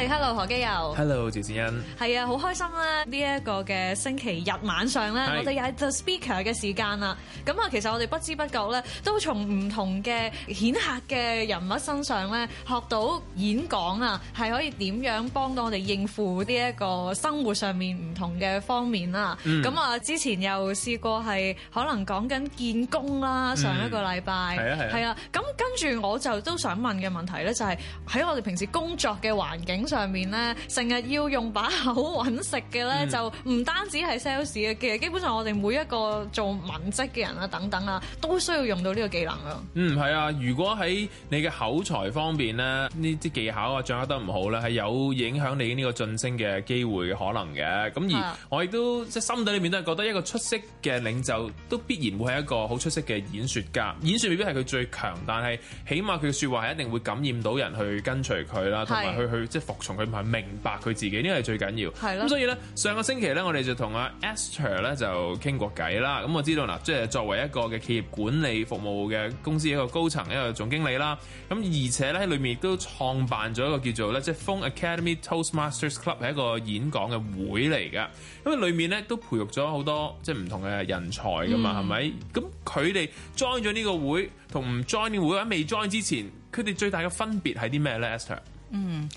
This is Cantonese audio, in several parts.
Hey, Hello 何基佑，Hello 趙子欣，係啊，好開心咧！呢、這、一個嘅星期日晚上咧，是我哋又係 The Speaker 嘅時間啦。咁啊，其實我哋不知不覺咧，都從唔同嘅顯赫嘅人物身上咧，學到演講啊，係可以點樣幫到我哋應付呢一個生活上面唔同嘅方面啦。咁啊、嗯，之前又試過係可能講緊建工啦，上一個禮拜，係啊係啊，咁、啊啊、跟住我就都想問嘅問題咧、就是，就係喺我哋平時工作嘅環境。上面咧，成日要用把口揾食嘅咧，就唔單止係 sales 嘅，其實基本上我哋每一個做文職嘅人啊，等等啊，都需要用到呢個技能咯。嗯，係啊，如果喺你嘅口才方面咧，呢啲技巧啊掌握得唔好咧，係有影響你呢個晉升嘅機會可能嘅。咁而我亦都即係心底裏面都係覺得一個出色嘅領袖，都必然會係一個好出色嘅演說家。演說未必係佢最強，但係起碼佢嘅說話係一定會感染到人去跟隨佢啦，同埋去去即服。從佢唔係明白佢自己，呢係最緊要。係咯的。咁所以咧，上個星期咧，我哋就同阿 Esther 咧就傾過偈啦。咁、嗯、我知道嗱，即係作為一個嘅企業管理服務嘅公司一個高層一個總經理啦。咁、嗯、而且咧，裏面亦都創辦咗一個叫做咧，即係 Fun Academy Toastmasters Club 係一個演講嘅會嚟噶。咁為裏面咧都培育咗好多即係唔同嘅人才噶嘛，係咪、嗯？咁佢哋 join 咗呢個會同唔 join 嘅會，或者未 join 之前，佢哋最大嘅分別係啲咩咧？e s t e r 嗯，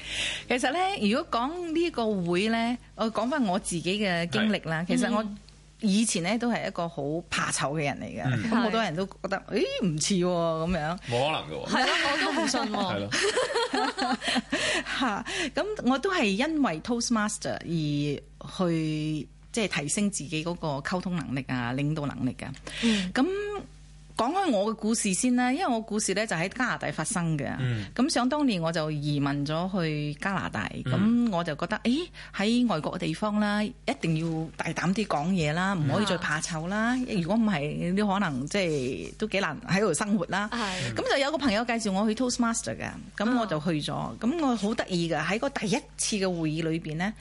其實咧，如果講呢個會咧，我講翻我自己嘅經歷啦。是其實我以前咧都係一個好怕醜嘅人嚟嘅，咁好是多人都覺得誒，唔似咁樣，冇可能嘅喎、啊。係咯，我都唔信喎。係咯，吓，咁我都係因為 Toastmaster 而去即係提升自己嗰個溝通能力啊、領導能力啊。咁、嗯。講開我嘅故事先啦，因為我故事咧就喺加拿大發生嘅。咁、嗯、想當年我就移民咗去加拿大，咁、嗯、我就覺得，誒、欸、喺外國嘅地方啦，一定要大膽啲講嘢啦，唔可以再怕醜啦。如果唔係，你可能即係都幾難喺度生活啦。咁、嗯、就有個朋友介紹我去 Toastmaster 嘅，咁我就去咗。咁、嗯、我好得意㗎，喺個第一次嘅會議裏邊呢。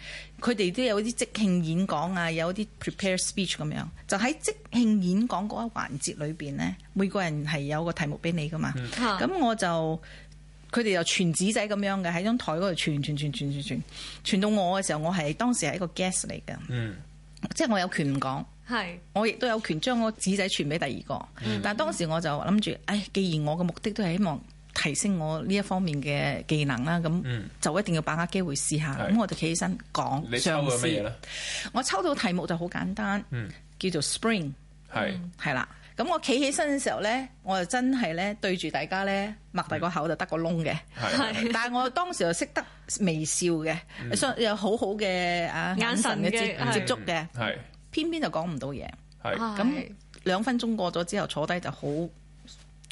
佢哋都有啲即興演講啊，有啲 prepare speech 咁樣，就喺即興演講嗰一個環節裏邊呢，每個人係有個題目俾你噶嘛。咁 Yeah. 我就佢哋又傳紙仔咁樣嘅喺張台嗰度傳傳傳傳傳傳，傳，傳到我嘅時候，我係當時係一個 guest 嚟嘅，Yeah. 即係我有權唔講，Yeah. 我亦都有權將個紙仔傳俾第二個。Yeah. 但係當時我就諗住，唉，哎，既然我嘅目的都係希望。提升我呢一方面嘅技能啦，咁就一定要把握機會試下。咁、嗯、我就企起身講，嘗試。你抽我抽到題目就好簡單，嗯、叫做 Spring。係係是、嗯、啦，咁我企起身嘅時候呢，我就真係呢對住大家呢，擘大個口就得個窿嘅。是是但係我當時又識得微笑嘅，嗯、有好好嘅啊眼神嘅接接觸嘅，嗯、偏偏就講唔到嘢。係咁兩分鐘過咗之後，坐低就好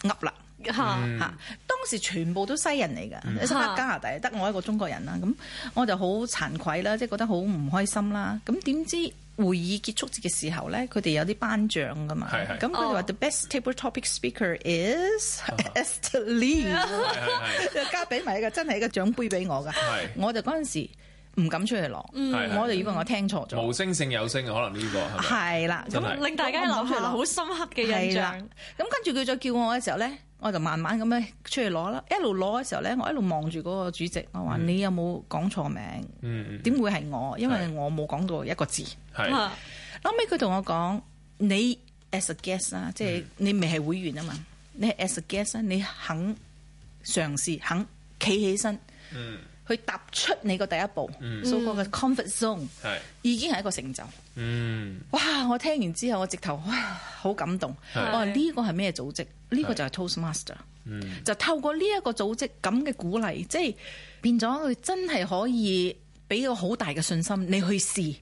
噏啦。嚇嚇、啊！當時全部都西人嚟噶，加拿大得我一個中國人啦。咁我就好慚愧啦，即係覺得好唔開心啦。咁點知會議結束嘅時候咧，佢哋有啲頒獎噶嘛。咁佢哋話 The best table topic speaker is Esther Lee，就哈哈 加俾埋一個真係一個獎杯俾我㗎。係，是是 我就嗰陣時，唔敢出去攞，我就以為我聽錯咗。無聲性有聲，可能呢個係咪？係啦，咁令大家留下好深刻嘅印象。咁跟住佢再叫我嘅時候咧，我就慢慢咁樣出去攞啦。一路攞嘅時候咧，我一路望住嗰個主席，我話你有冇講錯名？點會係我？因為我冇講到一個字。係。後尾佢同我講：你 as a guest 啊，即係你未係會員啊嘛。你 as a guest 啊，你肯嘗試，肯企起身。嗯。佢踏出你個第一步，蘇哥嘅 comfort zone 是已經係一個成就。嗯、哇！我聽完之後，我直頭哇，好感動。是我話呢個係咩組織？呢、呢個就係 Toastmaster。嗯、就透過呢一個組織咁嘅鼓勵，即、就、係、是、變咗佢真係可以俾到好大嘅信心你去試。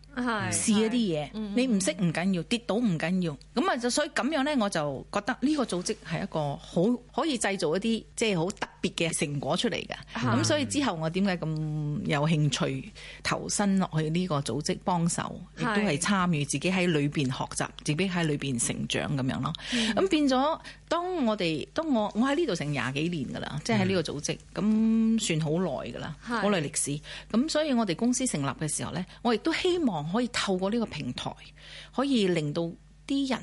試一啲嘢，嗯嗯，你唔識唔緊要，跌倒唔緊要，咁啊，所以咁樣呢，我就覺得呢個組織係一個好可以製造一啲即係好特別嘅成果出嚟嘅。咁是所以之後我點解咁有興趣投身落去呢個組織幫手，亦都係參與自己喺裏邊學習，是自己喺裏邊成長咁樣咯。咁、嗯、變咗，當我哋當我我喺呢度成廿幾年噶啦，即係喺呢個組織咁是算好耐噶啦，好耐歷史。咁所以我哋公司成立嘅時候呢，我亦都希望。可以透過呢個平台，可以令到啲人、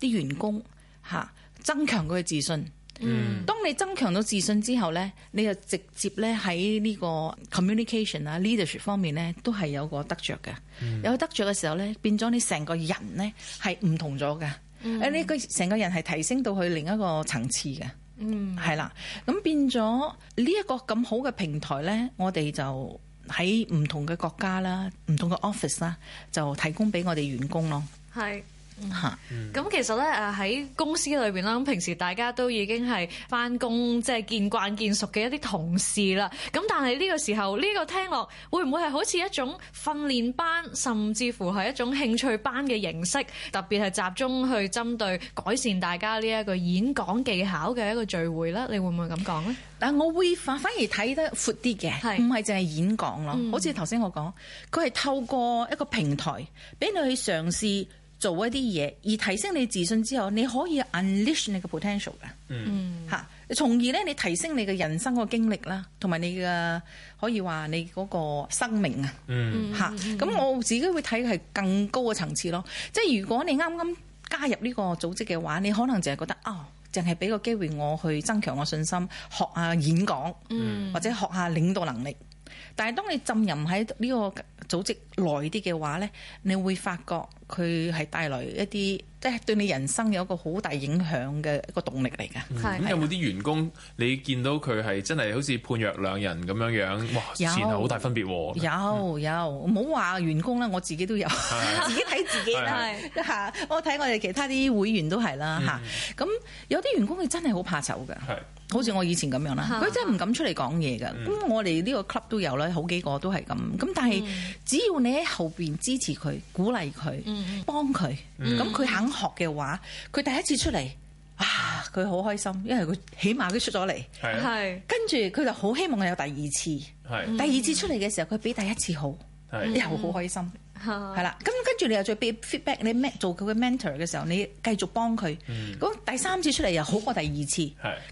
啲員工吓、啊、增強佢嘅自信。嗯，當你增強到自信之後咧，你就直接咧喺呢個 communication 啊、leadership 方面咧，都係有個得着嘅。嗯、有得着嘅時候咧，變咗你成個人咧係唔同咗嘅。誒、嗯，你個成個人係提升到去另一個層次嘅。嗯，係啦，咁變咗呢一個咁好嘅平台咧，我哋就。喺唔同嘅國家啦，唔同嘅 office 啦，就提供畀我哋員工咯。係。吓，咁、嗯、其實咧誒，喺公司裏邊啦，咁平時大家都已經係返工，即係見慣見熟嘅一啲同事啦。咁但係呢個時候呢、呢個聽落，會唔會係好似一種訓練班，甚至乎係一種興趣班嘅形式？特別係集中去針對改善大家呢一個演講技巧嘅一個聚會咧，你會唔會咁講咧？但係我會反反而睇得闊啲嘅，唔係淨係演講咯。好似頭先我講，佢係、嗯、透過一個平台，俾你去嘗試。做一啲嘢而提升你自信之後，你可以 unleash 你嘅 potential 嘅、嗯，吓，從而咧你提升你嘅人生個經歷啦，同埋你嘅可以話你嗰個生命啊，吓、嗯，咁、嗯、我自己會睇係更高嘅層次咯。即係如果你啱啱加入呢個組織嘅話，你可能淨係覺得啊，淨係俾個機會我去增強我信心，學下演講，嗯、或者學下領導能力，但係當你浸淫喺呢個組織耐啲嘅話咧，你會發覺佢係帶來一啲，即係對你人生有一個好大影響嘅一個動力嚟㗎。咁有冇啲員工你見到佢係真係好似判若兩人咁樣樣？哇，前後好大分別喎！有有，唔好話員工啦，我自己都有，自己睇自己啦。嚇，我睇我哋其他啲會員都係啦。嚇，咁有啲員工佢真係好怕醜㗎。好似我以前咁樣啦，佢、啊、真係唔敢出嚟講嘢嘅。咁、嗯、我哋呢個 club 都有啦，好幾個都係咁。咁但係只要你喺後邊支持佢、鼓勵佢、幫佢，咁佢肯學嘅話，佢第一次出嚟，哇、啊！佢好開心，因為佢起碼都出咗嚟。係、啊，是跟住佢就好希望有第二次。是嗯、第二次出嚟嘅時候，佢比第一次好，是又好開心。是嗯係啦，咁跟住你又再俾 feedback，你做佢嘅 mentor 嘅時候，你繼續幫佢。咁第三次出嚟又好過第二次。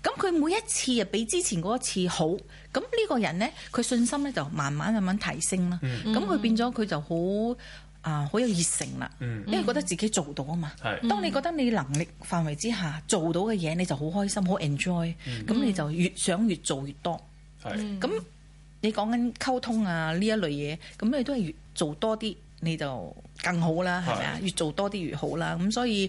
咁佢每一次又比之前嗰一次好，咁呢個人呢，佢信心呢就慢慢慢慢提升啦。咁佢變咗佢就好啊，好有熱誠啦，因為覺得自己做到啊嘛。當你覺得你能力範圍之下做到嘅嘢，你就好開心，好 enjoy。咁你就越想越做越多。咁你講緊溝通啊呢一類嘢，咁你都係越做多啲。你就更好啦，係咪啊？越做多啲越好啦，咁所以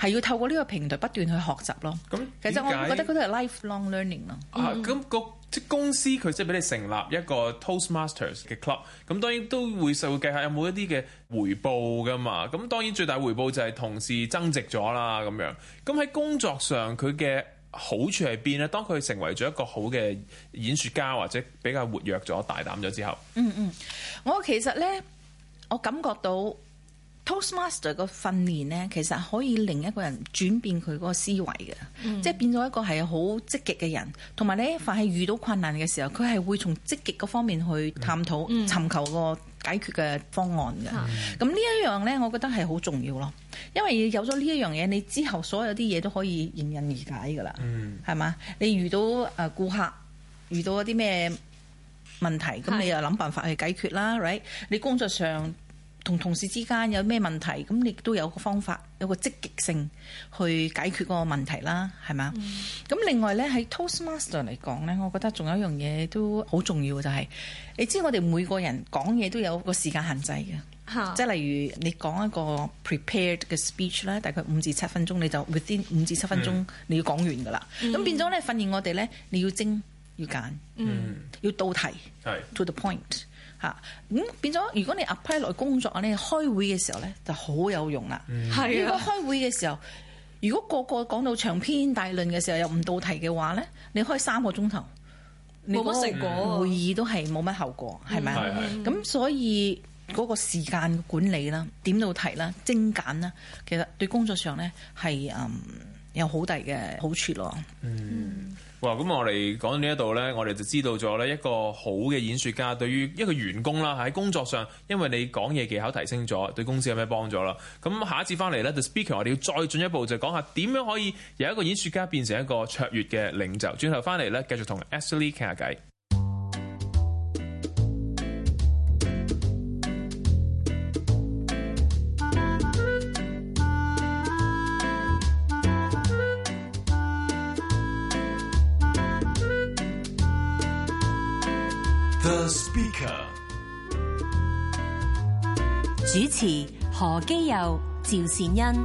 係要透過呢個平台不斷去學習咯。咁何其實我覺得佢都係 lifelong learning 咯。啊，咁、個即公司佢即係俾你成立一個 Toastmasters 嘅 club，咁當然都會實會計下有冇一啲嘅回報噶嘛。咁當然最大回報就係同事增值咗啦，咁樣。咁喺工作上佢嘅好處係邊呢？當佢成為咗一個好嘅演說家或者比較活躍咗、大膽咗之後，嗯嗯，我其實咧。我感覺到 Toastmaster 嘅訓練呢，其實可以令一個人轉變佢嗰個思維嘅，嗯、即係變咗一個係好積極嘅人。同埋呢，凡係遇到困難嘅時候，佢係會從積極嗰方面去探討、嗯、尋求個解決嘅方案嘅。咁呢一樣呢，我覺得係好重要咯。因為有咗呢一樣嘢，你之後所有啲嘢都可以迎刃而解噶啦。係嘛、嗯？你遇到誒顧客遇到一啲咩？問題咁你又諗辦法去解決啦的，right？你工作上同同事之間有咩問題，咁你都有個方法，有個積極性去解決個問題啦，係嘛？咁、嗯、另外咧喺 Toastmaster 嚟講咧，我覺得仲有一樣嘢都好重要嘅就係、是，你知我哋每個人講嘢都有個時間限制嘅，即係的例如你講一個 prepared 嘅 speech 咧，大概五至七分鐘，你就 within 五至七分鐘、嗯、你要講完噶啦，咁、嗯、變咗咧訓練我哋咧，你要精。要揀，嗯、要到題是，to the point，嚇、啊、咁變咗。如果你 apply 落工作咧，你開會嘅時候咧就好有用啦。嗯、如果開會嘅時候，如果個個講到長篇大論嘅時候又唔到題嘅話咧，你開三個鐘頭冇乜成果，會議都係冇乜效果，係咪啊？咁、嗯、所以嗰個時間管理啦，點到題啦，精簡啦，其實對工作上咧係嗯。有好大嘅好處咯。嗯，哇！咁我哋講到呢一度呢，我哋就知道咗呢一個好嘅演說家對於一個員工啦，喺工作上，因為你講嘢技巧提升咗，對公司有咩幫助啦？咁下一次翻嚟呢，就 Speaker，我哋要再進一步就講下點樣可以由一個演說家變成一個卓越嘅領袖。轉頭翻嚟呢，繼續同 Ashley 傾下偈。主持何基佑、趙善恩。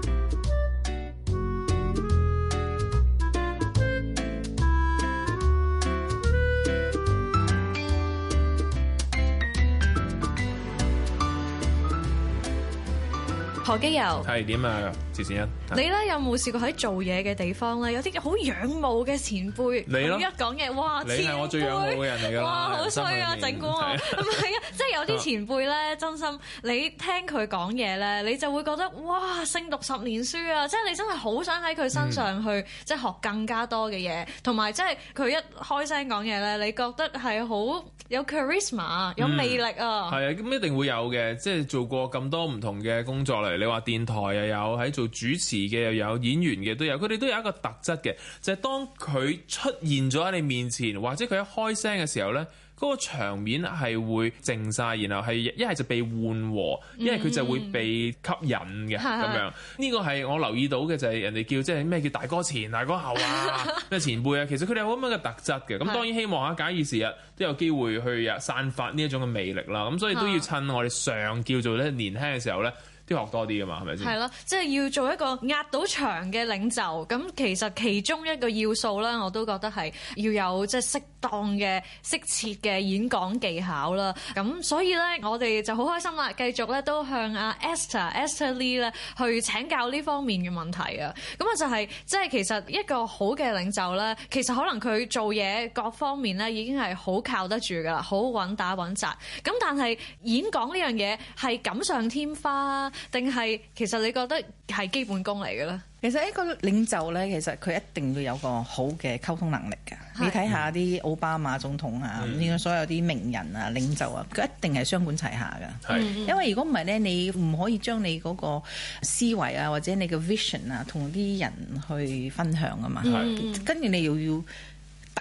何基佑，係點啊？ 前一，你咧有冇試過喺做嘢嘅地方咧，有啲好仰慕嘅前輩，你一講嘢，哇！你係我最仰慕嘅人嚟㗎啦，好衰啊，整蠱我，唔係啊，即係有啲前輩咧，真心你聽佢講嘢咧，你就會覺得哇，勝讀十年書啊！即係你真係好想喺佢身上去即係學更加多嘅嘢，同埋即係佢一開聲講嘢咧，你覺得係好有 charisma，有魅力啊！係啊，咁一定會有嘅，即係做過咁多唔同嘅工作嚟，你話電台又有喺做。主持嘅又有演員嘅都有，佢哋都有一個特質嘅，就係、是、當佢出現咗喺你面前，或者佢一開聲嘅時候呢嗰、那個場面係會靜晒，然後係一係就被緩和，一係佢就會被吸引嘅咁、嗯、樣。呢、嗯、個係我留意到嘅就係人哋叫即係咩叫大哥前、大哥後啊，咩 前輩啊，其實佢哋有咁樣嘅特質嘅。咁 當然希望啊，假以時日都有機會去啊散發呢一種嘅魅力啦。咁所以都要趁我哋尚叫做咧年輕嘅時候呢。都要學多啲㗎嘛，係咪先？係咯，即係要做一個壓到場嘅領袖。咁其實其中一個要素啦，我都覺得係要有即係適當嘅適切嘅演講技巧啦。咁所以咧，我哋就好開心啦，繼續咧都向阿 Esther、Esther Lee 咧去請教呢方面嘅問題啊。咁啊就係、是、即係其實一個好嘅領袖咧，其實可能佢做嘢各方面咧已經係好靠得住㗎啦，好穩打穩紮。咁但係演講呢樣嘢係錦上添花。定係其實你覺得係基本功嚟嘅啦。其實一個領袖咧，其實佢一定要有個好嘅溝通能力噶。是你睇下啲奧巴馬總統啊，呢個、嗯、所有啲名人啊、領袖啊，佢一定係雙管齊下噶。是因為如果唔係咧，你唔可以將你嗰個思維啊，或者你嘅 vision 啊，同啲人去分享啊嘛。是是跟住你要要。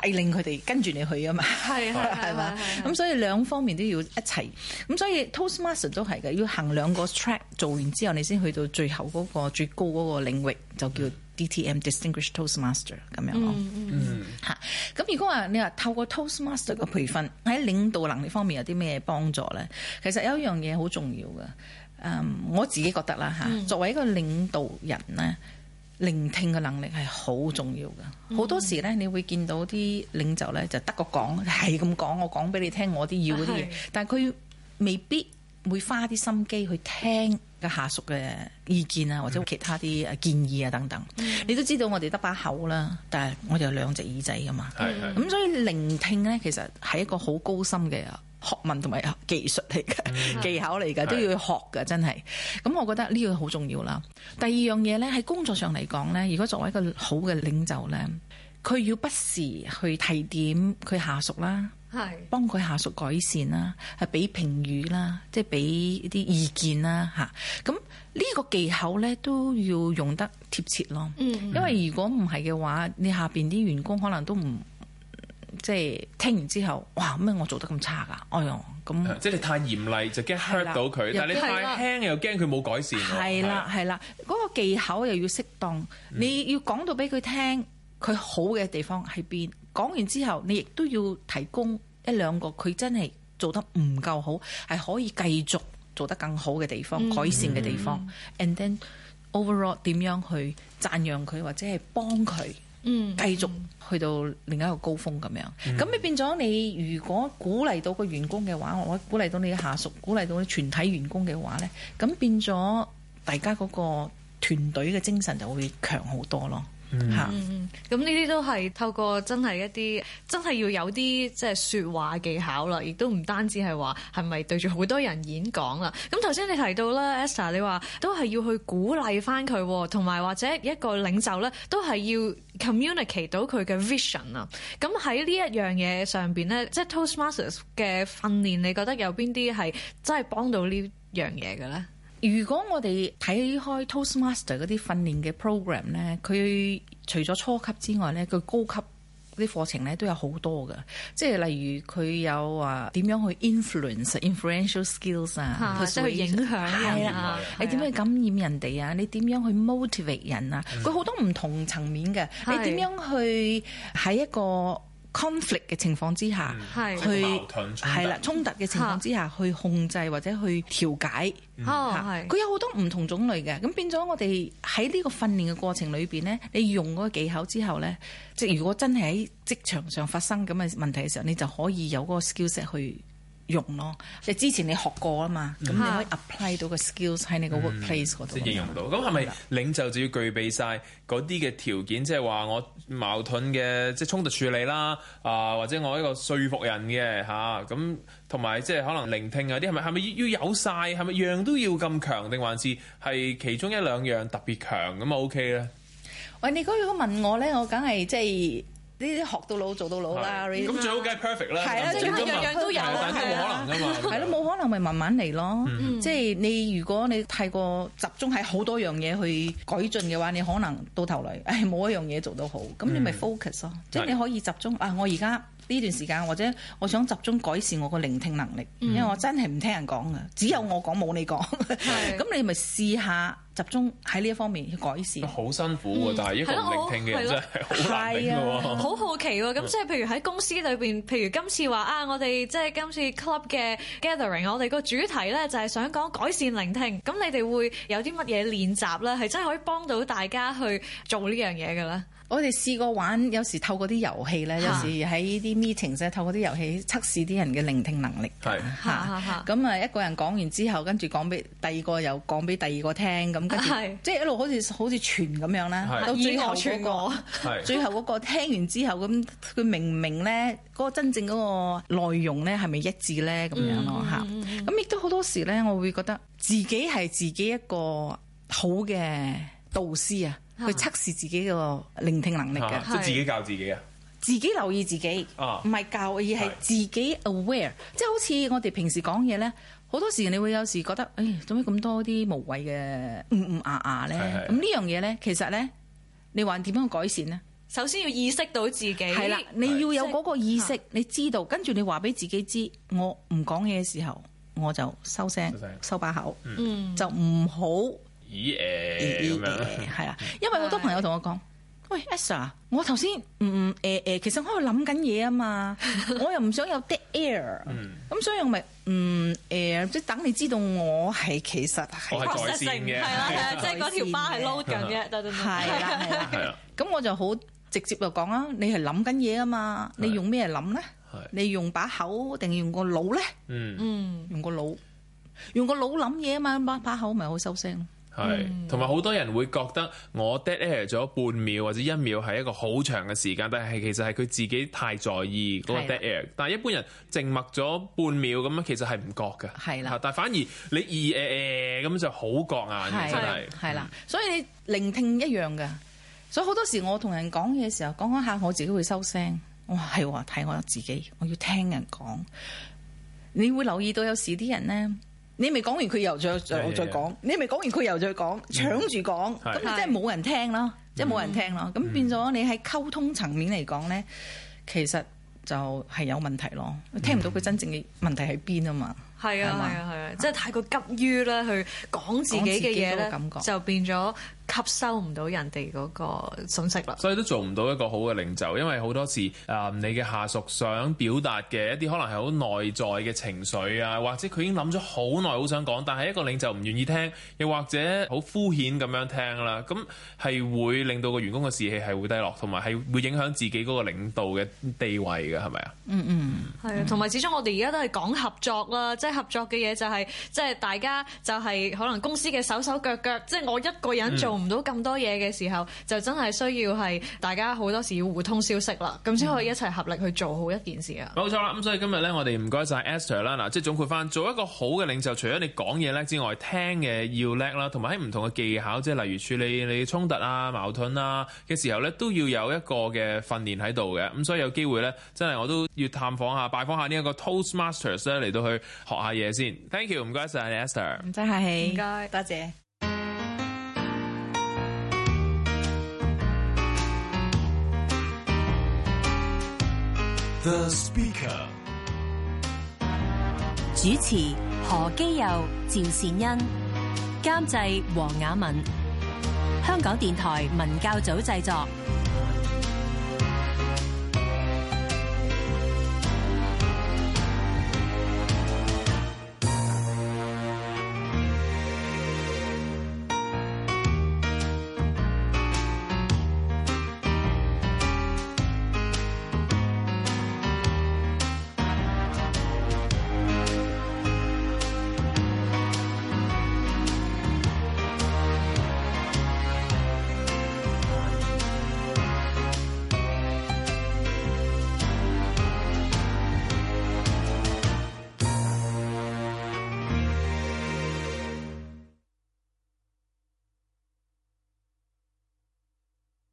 帶領佢哋跟住你去啊嘛，係啊、 嗯，係嘛，咁所以兩方面都要一齊，咁所以 Toastmaster 都係嘅，要行兩個 track 做完之後，你先去到最後嗰、嗰個最高嗰個領域，就叫 DTM Distinguished Toastmaster 咁、嗯、樣咯。嗯。吓，咁、嗯嗯嗯、如果話你話透過 Toastmaster 嘅培訓喺、嗯、領導能力方面有啲咩幫助咧？其實有一樣嘢好重要嘅，誒，我自己覺得啦吓，作為一個領導人咧。聆聽嘅能力係好重要嘅，好、嗯、多時咧，你會見到啲領袖咧，就得個講，係咁講，我講俾你聽我的的，我啲要嗰啲嘢，但係佢未必會花啲心機去聽。嘅下屬嘅意見啊，或者其他啲建議啊等等，嗯、你都知道我哋得把口啦，但係我哋有兩隻耳仔噶嘛。係係咁，所以聆聽咧，其實係一個好高深嘅學問同埋技術嚟嘅技巧嚟噶，嗯、都要學噶，真係。咁我覺得呢個好重要啦。第二樣嘢咧，喺工作上嚟講咧，如果作為一個好嘅領袖咧，佢要不時去提點佢下屬啦。係幫佢下屬改善啦，係俾評語啦，即係俾啲意見啦吓。咁、啊、呢個技巧咧都要用得貼切咯。嗯、因為如果唔係嘅話，你下邊啲員工可能都唔即係聽完之後，哇咩我做得咁差㗎？哎唷咁。即係你太嚴厲就驚 hurt 到佢，但係你太輕的又驚佢冇改善。係啦係啦，嗰、那個技巧又要適當，嗯、你要講到俾佢聽佢好嘅地方喺邊。講完之後，你亦都要提供一兩個佢真係做得唔夠好，係可以繼續做得更好嘅地方、改善嘅地方、嗯，and then overall 點樣去讚揚佢或者係幫佢，嗯，繼續去到另一個高峰咁樣。咁你、嗯、變咗你如果鼓勵到個員工嘅話，我鼓勵到你下屬，鼓勵到你全體員工嘅話呢，咁變咗大家嗰個團隊嘅精神就會強好多咯。Mm-hmm. 嗯，嚇，咁呢啲都係透過真係一啲，真係要有啲即係説話技巧啦，亦都唔單止係話係咪對住好多人演講啦。咁頭先你提到啦，Esther，你話都係要去鼓勵翻佢，同埋或者一個領袖咧，都係要 communicate 到佢嘅 vision 啊。咁喺呢一樣嘢上邊咧，即係 Toastmasters 嘅訓練，你覺得有邊啲係真係幫到呢樣嘢嘅咧？如果我哋睇開 Toastmaster 嗰啲訓練嘅 program 咧，佢除咗初級之外咧，佢高級啲課程咧都有好多嘅，即係例如佢有話點樣去 influence、influential skills 啊，去影響人啊，啊你點樣去感染人哋啊，你點樣去 motivate 人啊，佢好多唔同層面嘅，啊、你點樣去喺一個 conflict 嘅情況之下，係、嗯、去係啦，衝突嘅的情況之下的去控制或者去調解，嚇係、嗯。佢的有好多唔同種類嘅，咁變咗我哋喺呢個訓練嘅過程裏邊咧，你用嗰個技巧之後咧，即係如果真係喺職場上發生咁嘅問題嘅時候，你就可以有嗰個 skills 去。用咯，即係之前你學過啊嘛，咁、嗯、你可以 apply 到個 skills 喺你個 workplace 嗰度、嗯。即應用到，咁係咪領袖就要具備晒嗰啲嘅條件？即係話我矛盾嘅，即係衝突處理啦，啊、呃、或者我一個說服人嘅嚇，咁同埋即係可能聆聽嗰啲係咪係咪要有晒？係咪樣都要咁強定還是係其中一兩樣特別強咁啊？OK 咧？喂，你如果問我咧，我梗係即係。呢啲學到老做到老啦，咁最好梗係 perfect 啦，即係咁樣樣都有，但係冇可能㗎嘛，係咯，冇可能咪慢慢嚟咯，即係你如果你太過集中喺好多樣嘢去改進嘅話，你可能到頭來誒冇一樣嘢做到好，咁你咪 focus 咯，即係你可以集中啊，我而家呢段時間或者我想集中改善我個聆聽能力，因為我真係唔聽人講啊，只有我講冇你講，咁你咪試下。集中喺呢一方面去改善，嗯，好辛苦喎！但係依個聆聽嘅人、嗯、真係好難㗎好、啊、 好奇喎！咁即係譬如喺公司裏邊，譬如今次話、嗯、啊，我哋即係今次 club 嘅 gathering，我哋個主題咧就係想講改善聆聽，咁你哋會有啲乜嘢練習咧？係真係可以幫到大家去做呢樣嘢嘅咧？我哋試過玩，有時透過啲遊戲咧， 有時喺啲 meeting 即係透過啲遊戲測試啲人嘅聆聽能力。係吓嚇嚇！咁啊，一個人講完之後跟住講俾第二個又講俾第二個聽咁。係，即係一路好似好似傳咁樣啦，到最後嗰個，最後嗰個聽完之後咁，佢明唔明咧？嗰個真正嗰個內容咧係咪一致咧？咁樣咯嚇。咁亦都好多時咧，我會覺得自己係自己一個好嘅導師啊，去測試自己個聆聽能力嘅。即係自己教自己啊！自己留意自己，唔係教，而係自己 aware。即係好似我哋平時講嘢咧。好多時你會有時覺得，誒做咩咁多啲無謂嘅嗯嗯啊啊咧？咁的呢樣嘢咧，其實咧，你話點樣改善咧？首先要意識到自己，係啦，你要有嗰個意識，的你知道，跟住你話俾自己知，我唔講嘢嘅時候，我就收聲，的收把口，嗯，就唔好咦誒，係啦，因為好多朋友同我講。喂，Esther，我頭先嗯誒誒、呃呃，其實我喺度諗緊嘢啊嘛，我又唔想有啲 dead air 咁，所以我咪 Air，嗯呃、即係等你知道我係其實係 processing 嘅，係啦，即係嗰條巴係撈緊嘅，得唔得？係啦，係啦，咁 我就好直接就講啦，你係諗緊嘢啊嘛，你用咩諗咧？你用把口定用個腦咧？嗯，用個腦，用個腦，用個腦諗嘢啊嘛，把把口咪好收聲。係，同埋好多人會覺得我 dead air 咗半秒或者一秒係一個好長嘅時間，但係其實係佢自己太在意嗰個 dead air 的。但係一般人靜默咗半秒咁樣，其實係唔覺嘅。係啦的，但係反而你二誒誒咁就好覺眼，真係。係啦，所以你聆聽一樣嘅，所以好多時我同人講嘢時候，講講下，說說我自己會收聲。哇，係喎，睇我自己，我要聽人講。你會留意到有時啲人咧。你未講完佢又再再再講，是是是你未講完佢又再講，搶住講，咁你真係冇人聽啦，是是即係冇人聽啦，咁、嗯、變咗你喺溝通層面嚟講呢，其實就係有問題咯，聽唔到佢真正嘅問題喺邊啊嘛～係啊，係嗎啊，係啊！即係太過急於咧去講自己嘅嘢咧，感覺就變咗吸收唔到人哋嗰個信息啦。所以都做唔到一個好嘅領袖，因為好多時誒、呃，你嘅下屬想表達嘅一啲可能係好內在嘅情緒啊，或者佢已經諗咗好耐好想講，但係一個領袖唔願意聽，又或者好敷衍咁樣聽啦，咁係會令到個員工嘅士氣係會低落，同埋係會影響自己嗰個領導嘅地位嘅，係咪啊？嗯嗯，係啊，同埋始終我哋而家都係講合作啦、即係，合作嘅嘢就係、是，即、就、係、是、大家就係、是、可能公司嘅手手腳腳，即、就、係、是、我一個人做唔到咁多嘢嘅時候，嗯、就真係需要係大家好多時要互通消息啦，咁先可以一齊合力去做好一件事啊！冇錯啦，咁所以今日咧，我哋唔該晒 Esther 啦，嗱，即係總括翻，做一個好嘅領袖，除咗你講嘢叻之外，聽嘅要叻啦，同埋喺唔同嘅技巧，即係例如處理你衝突啊、矛盾啊嘅時候咧，都要有一個嘅訓練喺度嘅。咁所以有機會咧，真係我都要探訪下、拜訪下呢一個 Toastmasters 咧，嚟到去學學下嘢先，Thank you，唔該晒你 Esther，唔使客氣，唔該，多謝。The speaker，主持何基佑、趙善恩，監製黃雅文，香港電台文教組製作。